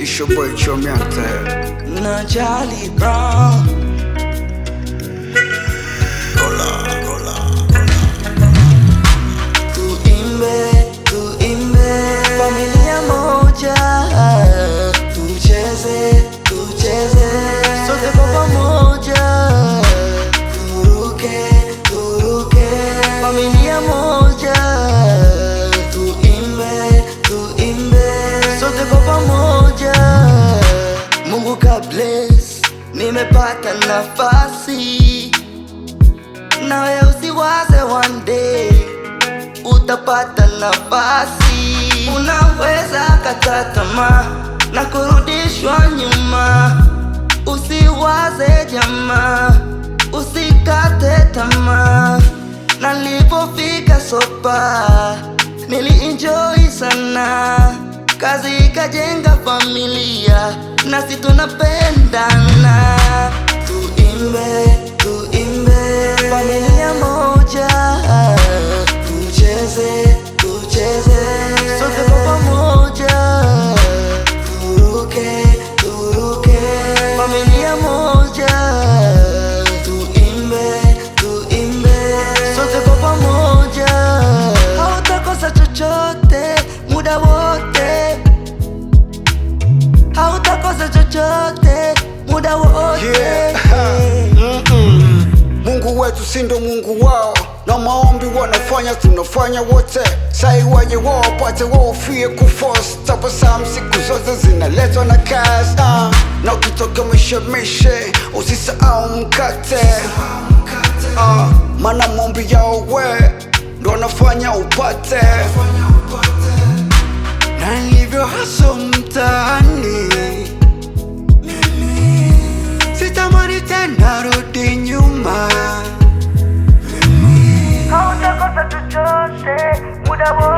It's your boy Chomiate. Najali Brown. nimepata nafasi, nawe usiwaze, one day utapata nafasi. Unaweza kata tamaa na kurudishwa nyuma, usiwaze jamaa, usikate tamaa. Nalipofika Sopa nilienjoy sana, kazi ikajenga familia, nasi tunapendana, tuimbe wetu si ndo Mungu wao na maombi wanafanya tunafanya wote sai waje wawapate waofie kuforce tabasamu siku zote zinaletwa na kazi uh, na ukitoka mishemishe usisahau mkate uh, maombi yao we ndo wanafanya upate na ilivyo haso mtaani I'm devil.